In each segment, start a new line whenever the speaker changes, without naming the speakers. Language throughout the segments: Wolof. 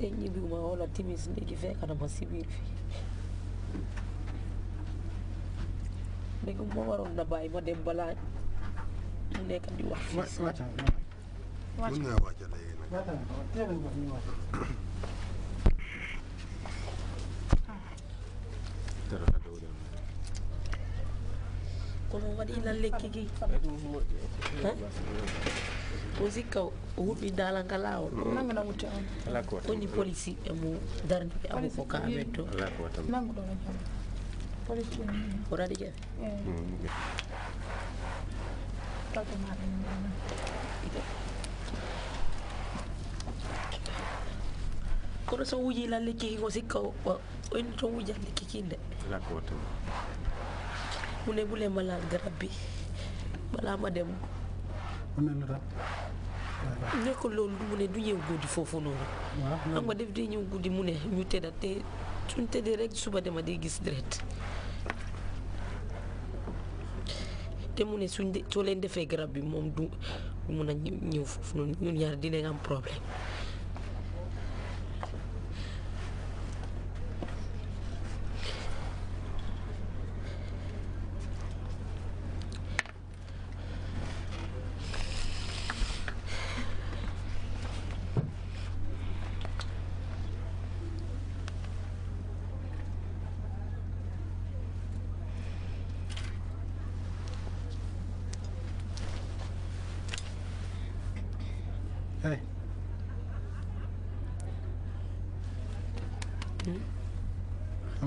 te ñibbiwuma wala timis léegi fekk na ma si biir fii léegi ma waroon na bàyyi ma dem balaa mu nekk di wax fii si wàcc
mën naa wàcc léegi nag
ko mo waɗi aussi ka o huɓɓi dalalga lawol mm. nagoɗo wutte on alakoa woni policie e mo darde ɓe awo ko kamen to nagoɗo ne jam policie o raɗi jeɓe ragomaɗ kono so wuji lalle kiki ko sikka oyni to wuji alle kikinde alakoa tan mune ɓule malal garabbi balama dembo mu ne lu loolu mu ne du ñëw guddi foofu noonu xam nga def dee ñëw guddi mu ne ñu tëdda te suñ tëddee rek suba dema dee gis deret te mu ne suñ soo leen defee garab bi moom du mun a ñëw foofu noonu ñun ñaar dinañ am problème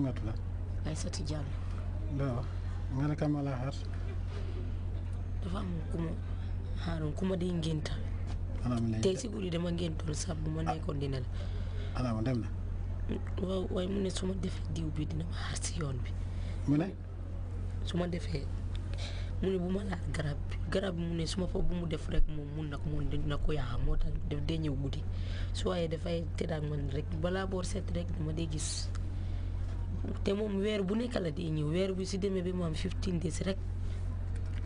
Muhammad la. Aysatu
Diallo. nga ne kan ma laa xaar.
dafa am ku ma ah, ku ma dee ngénta. tey si guddi dama ngéntoon sax bu ma ah. nekkoon dina la. waaw waaye mu ne su ma defee diw bi dina ma xaar si yoon bi. mu ne. su ma defee mu ne bu ma laal garab bi garab mu ne su ma fa bu mu def rek moom mun na ko mun dina ko yaa moo tax daf dee ñëw guddi su waaye dafay tëdd ak man rek balaa boor set rek dama dee gis. te moom weer bu nekk la di ñëw weer bu si demee bi mu am 15 days rek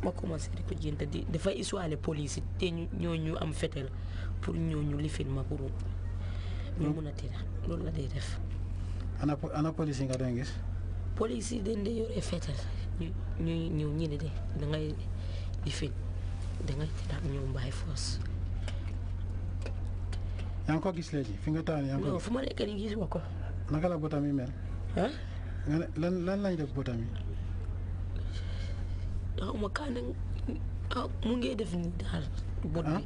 ma commencé di ko jënd di dafay isuwaale police te ñoo ñu am fetel pour ñoo ñu lifin ma pour ñu hmm. mun a tëra loolu la day def.
ana ana police yi nga doon gis.
police yi dañ day yore fetel ñu ñuy ñëw ñu ne de dangay lifin dangay tëra ak ñoom bàyyi
yaa ngi ko gis léegi fi nga taal yaa ngi ko. fu
ma nekk nii gis nga ko.
naka la bëtam yi mel. ah. lan lan lañ def bëtam yi.
xaw ah, ma kaan ah, mu ngi def nii daal. bot bi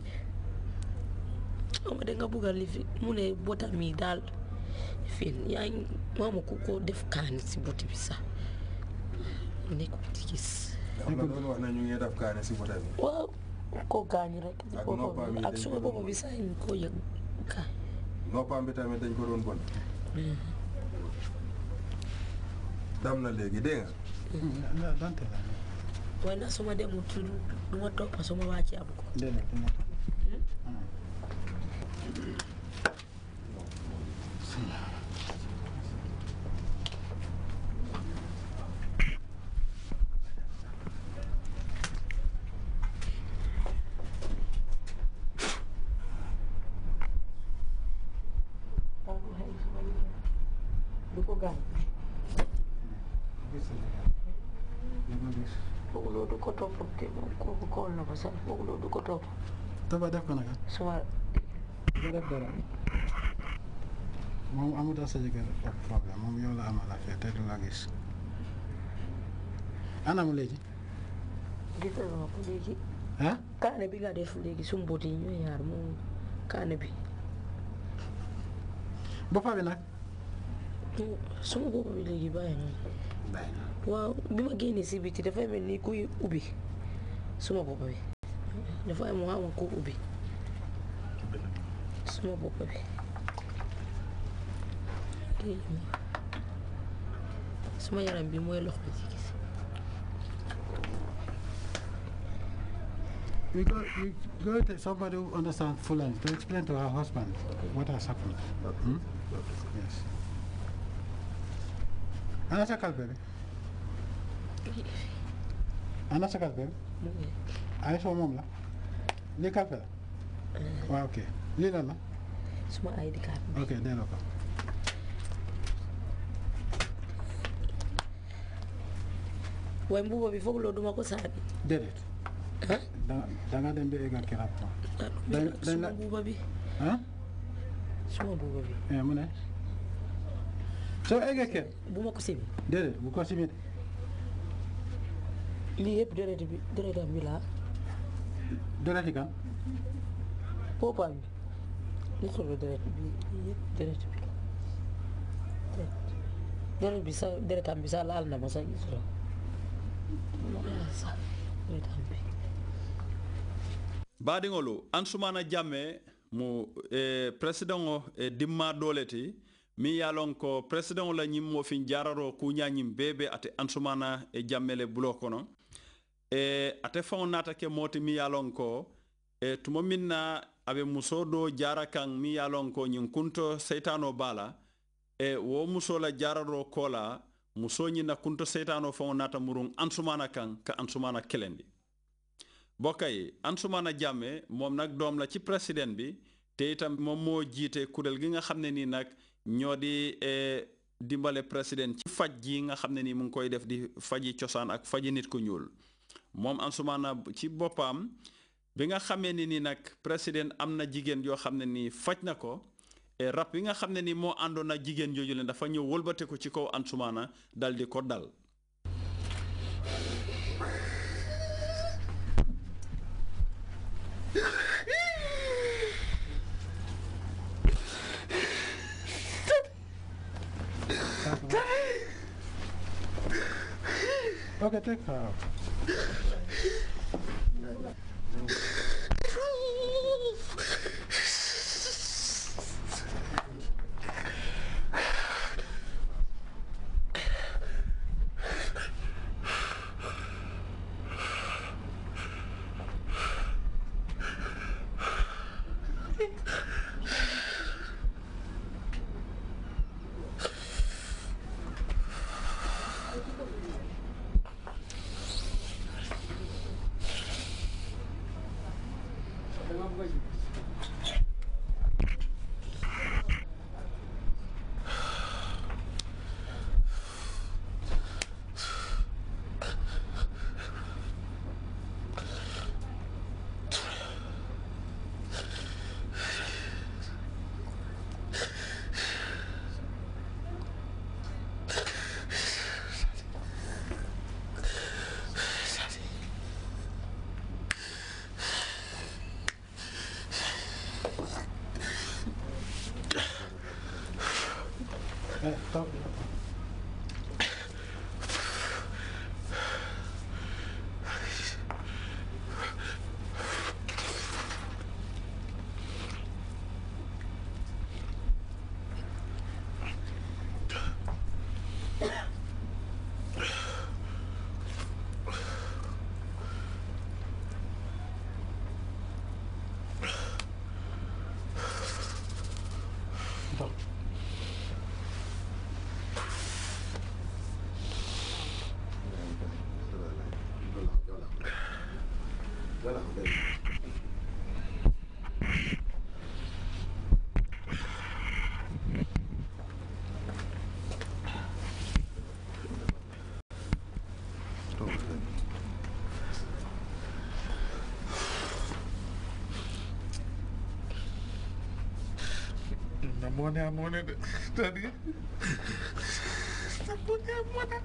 xaw ah? ma danga bugg lifi mu ne bëtam daal fii yaa ngi maa si bot bi sax nekkul di gis. nekkul wax si bot bi. waaw ak noppam yi ak bi sax ñu ko yëg gaañ.
noppam bi tamit dañ ko doon bon. Mm-hmm. dam na léegi
nga donte la waaye nag su ma demul ci lu ma topp su ma wàccee am ko Buku ganteng. biir du ko topp te kooku
kool na ko sax bëgg du ko topp dafa def def moom amuta sa jëkkër ak problème moom yow la amal affaire ko léegi
ah kaane bi nga boppa bi nag suma boppa We go,
go to somebody who understands full language to explain to her husband what has happened. Hmm? Yes. ana sa kalpe be ana sa kalpe be ay soo moom la lii kalpe la waaw ok lii lan la
suma ID card
ok delloo ko
waaye mbuuba danga dem ba
ah, eh, mu ne soo eggee kenn. bu ma ko sibi. déedéet bu ko sibi de.
lii yëpp deret bi deretam deret bi lii deret bi deret laal na ma sa gis
nga
sa deretam bi.
baadiŋolu ansumana jamme mu eh, president o eh, mi ye lon ko presidenŋo la ñiŋ mofin jararo ku bee be ate ansumana e jammele bloko kono e ate faŋo naata ke moti mi ye ko e tuma miŋ na a be muso do jara kaŋ mi ye ko ñiŋ kunto seitano bala la e wo muso la jararo kola muso ñiŋ na kunto seitano faŋo naata muruŋ ansumana kaŋ ka ansumana kelendi bokay ansumana jamme moom nak doom la ci president bi te itam moom moo jiite kuréel gi nga xam ne nii nag ñoo di eh, dimbale président ci faj ji nga xam ne nii mu ngi koy def di faji cosaan ak faji nit ku ñuul moom Ansoumana ci boppam bi nga xamee ni nii nag président am na jigéen yoo xam ne nii faj na ko eh, rab yi nga xam ne nii moo àndoon ak jigéen jooju leen dafa ñëw wëlbateku ci kaw Ansoumana dal di ko dal
Okay, take her out. moo ne moo ne de c'est-à-dire moo ne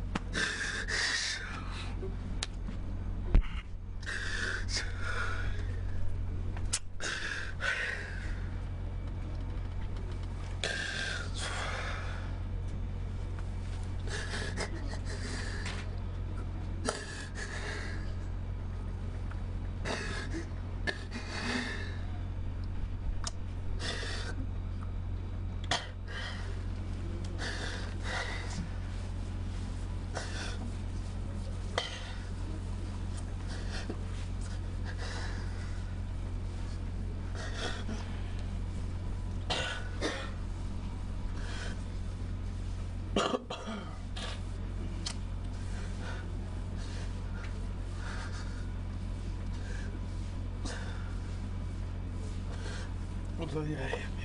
Fucking